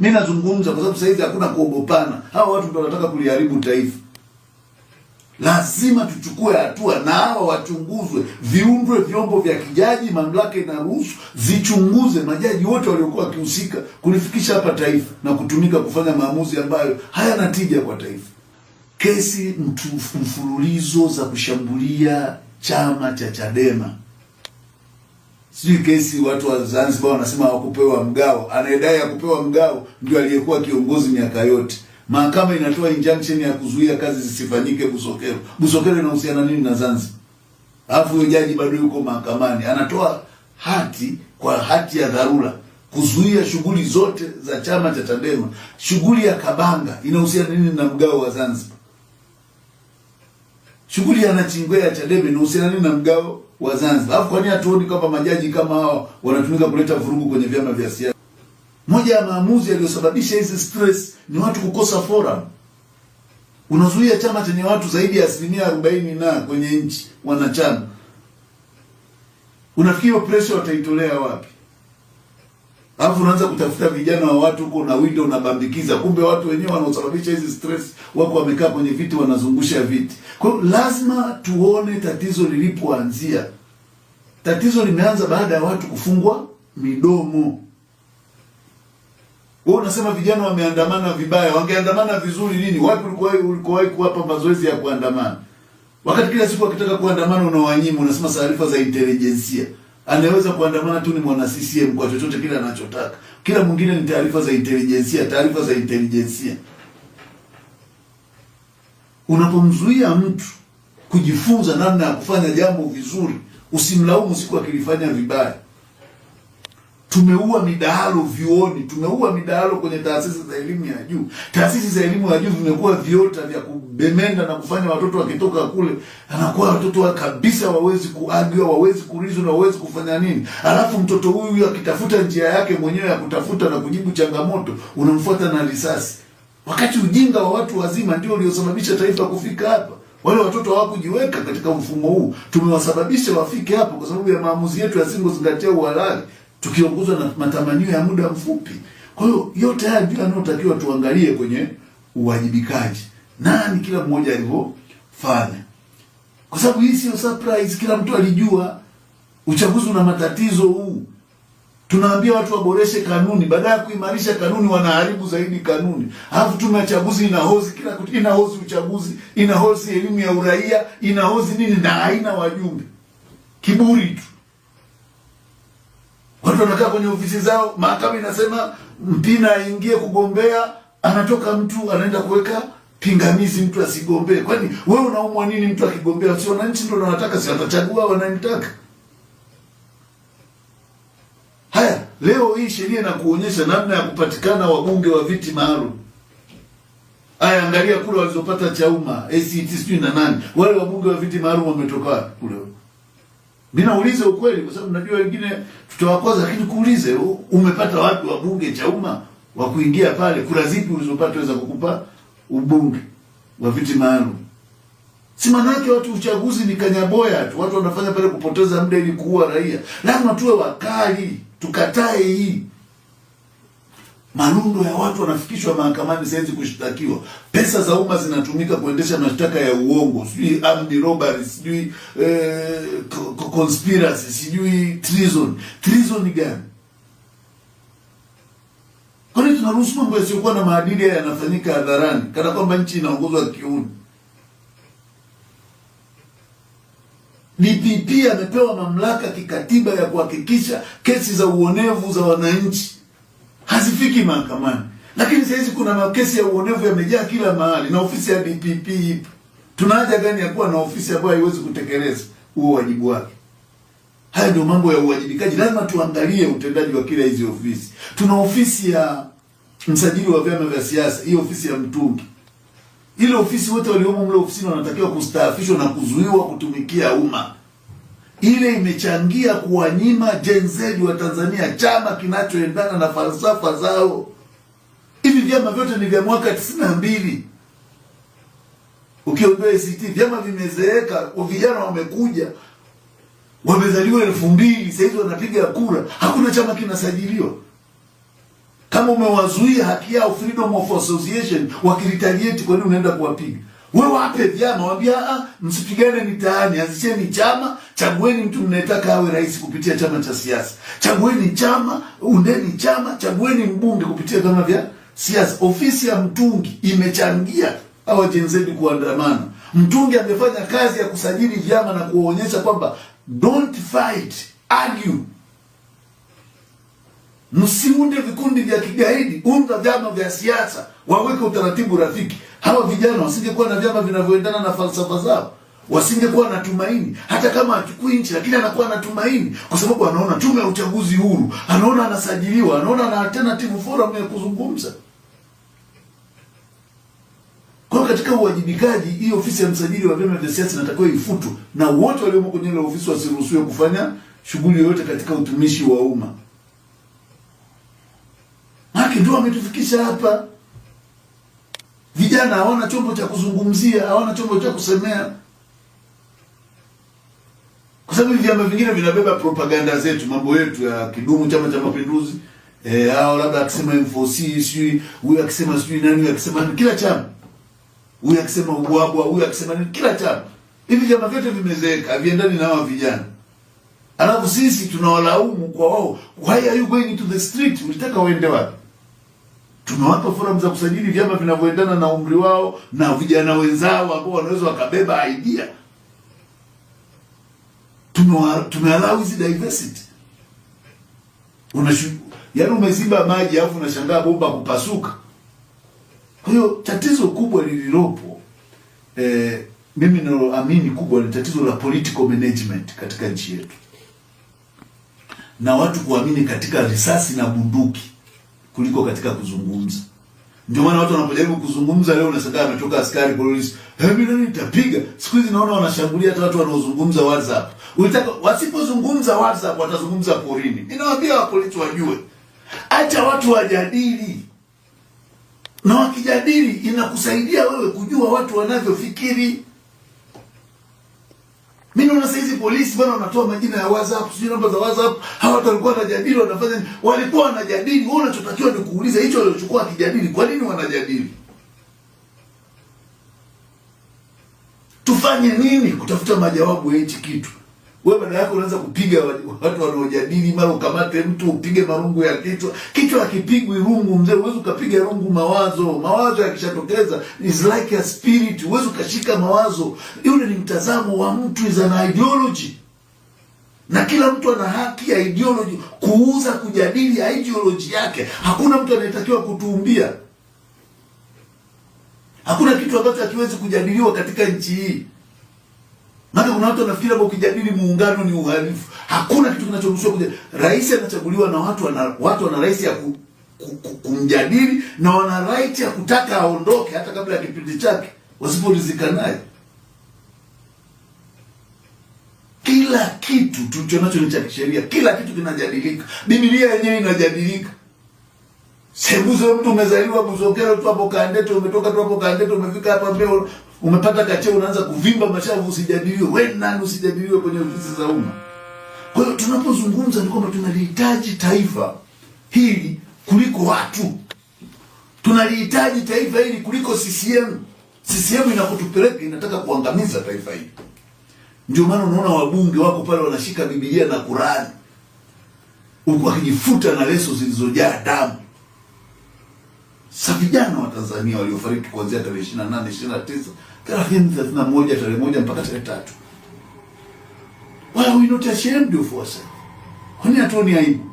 Mimi nazungumza kwa sababu sasa hivi hakuna kuogopana. Hawa watu ndio wanataka kuliharibu taifa. Lazima tuchukue hatua na hawa wachunguzwe, viundwe vyombo vya kijaji, mamlaka inaruhusu zichunguze majaji wote waliokuwa wakihusika kulifikisha hapa taifa na kutumika kufanya maamuzi ambayo hayana tija kwa taifa. Kesi mtu mfululizo za kushambulia chama cha Chadema Sijui kesi watu wa Zanzibar wanasema hawakupewa mgao, anayedai hakupewa mgao ndio aliyekuwa kiongozi miaka yote. Mahakama inatoa injunction ya kuzuia kazi zisifanyike Busokero. Busokero inahusiana nini na Zanzibar? Alafu huyo jaji bado yuko mahakamani, anatoa hati kwa hati ya dharura kuzuia shughuli zote za chama cha chadema Shughuli ya Kabanga inahusiana nini na mgao wa Zanzibar? Shughuli ya Nachingwea ya Chadema inahusiana nini na mgao wa Zanzibar. Alafu kwa nini hatuoni kwamba majaji kama hao wanatumika kuleta vurugu kwenye vyama vya siasa? Moja ya maamuzi yaliyosababisha hizi stress ni watu kukosa forum. Unazuia chama chenye watu zaidi ya asilimia arobaini na kwenye nchi wanachama, unafikiri pressure wataitolea wapi? Alafu unaanza kutafuta vijana wa watu huko na window unabambikiza, kumbe watu wenyewe wanaosababisha hizi stress wako wamekaa kwenye viti wanazungusha viti. Kwa hiyo lazima tuone tatizo lilipoanzia. Tatizo limeanza baada ya watu kufungwa midomo. Wewe unasema vijana wameandamana vibaya, wangeandamana vizuri nini? Wapi ulikuwa ulikowahi kuwapa mazoezi ya kuandamana? Wakati kila siku wakitaka kuandamana unawanyima, unasema taarifa za intelijensia anaweza kuandamana tu, ni mwana CCM kwa chochote kile anachotaka. Kila mwingine ni taarifa za intelijensia, taarifa za intelijensia. Unapomzuia mtu kujifunza namna ya kufanya jambo vizuri, usimlaumu siku akilifanya vibaya. Tumeua midahalo vyuoni, tumeua midahalo kwenye taasisi za elimu ya juu. Taasisi za elimu ya juu zimekuwa viota vya kubemenda na kufanya watoto wakitoka kule anakuwa watoto wa kabisa, wawezi kuagwa, wawezi kurizwa na wawezi kufanya nini. Alafu mtoto huyu akitafuta njia yake mwenyewe ya kutafuta na kujibu changamoto, unamfuata na risasi, wakati ujinga wa watu wazima ndio uliosababisha taifa kufika hapa. Wale watoto hawakujiweka katika mfumo huu, tumewasababisha wafike hapo kwa sababu ya maamuzi yetu yasingozingatia uhalali tukiongozwa na matamanio ya muda mfupi. Kwa hiyo yote haya ndio yanayotakiwa tuangalie kwenye uwajibikaji, nani kila mmoja alivyofanya, kwa sababu hii sio surprise. Kila mtu alijua uchaguzi una matatizo huu. Tunaambia watu waboreshe kanuni, baada ya kuimarisha kanuni wanaharibu zaidi kanuni. Alafu tume ya chaguzi inahozi kila kitu, inahozi uchaguzi, inahozi elimu ya uraia, inahozi nini, na haina wajumbe, kiburi tu. Watu wanakaa kwenye ofisi zao, mahakama inasema Mpina aingie kugombea, anatoka mtu anaenda kuweka pingamizi mtu asigombee. Kwani wewe unaumwa nini mtu akigombea? Si wananchi ndio wanataka, si watachagua wananitaka. Haya, leo hii sheria inakuonyesha namna ya kupatikana wabunge wa viti maalum. Haya, angalia kule walizopata Chauma, ACT sijui na nani, wale wabunge wa viti maalum wametoka kule mimi nauliza ukweli kwa sababu najua wengine tutawakoza, lakini kuulize, umepata wapi wabunge Chauma wa kuingia pale? Kura zipi ulizopata weza kukupa ubunge wa viti maalum? Si maana watu uchaguzi ni kanyaboya tu, watu wanafanya pale kupoteza muda ili kuua raia. Lazima tuwe wakali, tukatae hii. Marundo ya watu wanafikishwa mahakamani saizi kushtakiwa. Pesa za umma zinatumika kuendesha mashtaka ya uongo, sijui armed robbery, sijui eh, conspiracy, sijui treason. Treason gani? Kwani tunaruhusu mambo yasiyokuwa na maadili haya yanafanyika hadharani kana kwamba nchi inaongozwa kiuni? DPP amepewa mamlaka kikatiba ya kuhakikisha kesi za uonevu za wananchi hazifiki mahakamani. Lakini sasa hizi kuna makesi ya uonevu yamejaa kila mahali, na ofisi ya DPP ipo. Tuna haja gani ya kuwa na ofisi ambayo haiwezi kutekeleza huo wajibu wake? Haya ndio mambo ya uwajibikaji. Lazima tuangalie utendaji wa kila hizi ofisi. Tuna ofisi ya msajili wa vyama vya siasa, hii ofisi ya Mtungi. Ile ofisi wote waliomo mle ofisini wanatakiwa kustaafishwa na kuzuiwa kutumikia umma ile imechangia kuwanyima jenzedi wa Tanzania chama kinachoendana na falsafa zao. Hivi vyama vyote ni vya mwaka tisini na mbili ukiondoa ACT, vyama vimezeeka, vijana wamekuja, wamezaliwa elfu mbili sahizi wanapiga kura, hakuna chama kinasajiliwa. Kama umewazuia haki yao freedom of association, wakilitalieti, kwa nini unaenda kuwapiga? We wape vyama wambia ah, ah, msipigane mitaani, anzisheni chama, chagueni mtu mnayetaka awe rais kupitia chama cha siasa, chagueni chama, undeni chama, chagueni mbunge kupitia vyama vya siasa. Ofisi ya mtungi imechangia hawa jenzeni kuandamana. Mtungi amefanya kazi ya kusajili vyama na kuwaonyesha kwamba don't fight, argue msiunde vikundi vya kigaidi, unda vyama vya siasa, waweke utaratibu rafiki. Hawa vijana wasingekuwa na vyama vinavyoendana na falsafa zao, wasingekuwa na tumaini. Hata kama achukui nchi, lakini anakuwa na tumaini kwa sababu anaona tume ya uchaguzi huru, anaona anasajiliwa, anaona ana alternative forum ya kuzungumza. Kwa katika uwajibikaji, hii ofisi ya msajili wa vyama vya siasa inatakiwa ifutwe na wote waliomo kwenye ile ofisi wasiruhusiwe kufanya shughuli yoyote katika utumishi wa umma wametufikisha hapa. Vijana hawana chombo cha kuzungumzia, hawana chombo cha kusemea, kwa sababu hivi vyama vingine vinabeba propaganda zetu, mambo yetu ya kidumu, Chama cha Mapinduzi eh, hao labda akisema M4C sijui huyu akisema sijui nani, akisema akisema kila chama, huyu akisema ubwabwa, huyu akisema nini, kila chama. Hivi vyama vyote vimezeeka, haviendani na hawa vijana, alafu sisi tunawalaumu kwa wao. Why are you going to the street? Ulitaka uende wapi? Tumewapa forum za kusajili vyama vinavyoendana na umri wao na vijana wenzao ambao wanaweza wakabeba idea. Tumealau hizi diversity. Unashu, yaani umeziba maji alafu unashangaa bomba kupasuka. Kwa hiyo tatizo kubwa lililopo eh, mimi naloamini kubwa ni tatizo la political management katika nchi yetu na watu kuamini katika risasi na bunduki kuliko katika kuzungumza. Ndio maana watu wanapojaribu kuzungumza leo unashangaa ametoka askari polisi. Hebu eh, nani nitapiga? Siku hizi naona wanashambulia hata watu wanaozungumza WhatsApp. Unataka wasipozungumza WhatsApp watazungumza porini. Ninawaambia wa polisi wajue. Acha watu wajadili. Na wakijadili inakusaidia wewe kujua watu wanavyofikiri. Mimi naona saizi hizi polisi bwana wanatoa majina ya WhatsApp, sio namba za WhatsApp. Hawa watu walikuwa wanajadili wanafanya walikuwa wanajadili. Wewe unachotakiwa ni kuuliza hicho waliochukua kijadili, kwa nini wanajadili? Tufanye nini kutafuta majawabu ya hichi kitu? wewe maana yako unaanza kupiga watu wanaojadili, mara ukamate mtu upige marungu ya kichwa. Kichwa hakipigwi rungu mzee, huwezi ukapiga rungu mawazo. Mawazo yakishatokeza is like a spirit, huwezi ukashika mawazo. Yule ni mtazamo wa mtu, is an ideology, na kila mtu ana haki ya ideology kuuza, kujadili ya ideology yake. Hakuna mtu anayetakiwa kutuumbia, hakuna kitu ambacho hakiwezi kujadiliwa katika nchi hii. Maana kuna watu wanafikiri kwamba ukijadili muungano ni uhalifu. Hakuna kitu kinachoruhusiwa kuja. Rais anachaguliwa na watu wana watu wana rais ya ku, ku, ku, kumjadili na wana right ya kutaka aondoke hata kabla ya kipindi chake wasiporidhika naye. Kila kitu tulicho nacho ni cha kisheria. Kila kitu kinajadilika. Biblia yenyewe inajadilika. Seguzo mtu umezaliwa Busokero tu hapo Kandete, umetoka tu hapo Kandete, umefika hapa mbeo, umepata kacheo, unaanza kuvimba mashavu, usijadiliwe. Wewe nani usijadiliwe kwenye ofisi za umma? Kwa hiyo tunapozungumza ni kwamba tunalihitaji taifa hili kuliko watu, tunalihitaji taifa hili kuliko CCM. CCM inakutupeleka inataka kuangamiza taifa hili. Ndio maana unaona wabunge wako pale wanashika Biblia na Qur'ani, huku akijifuta na leso zilizojaa damu za vijana wa Tanzania waliofariki kuanzia tarehe 28, 29, 30, 31, tarehe moja mpaka tarehe tatu. Why are we not ashamed of ourselves? Kwani hatuoni aibu?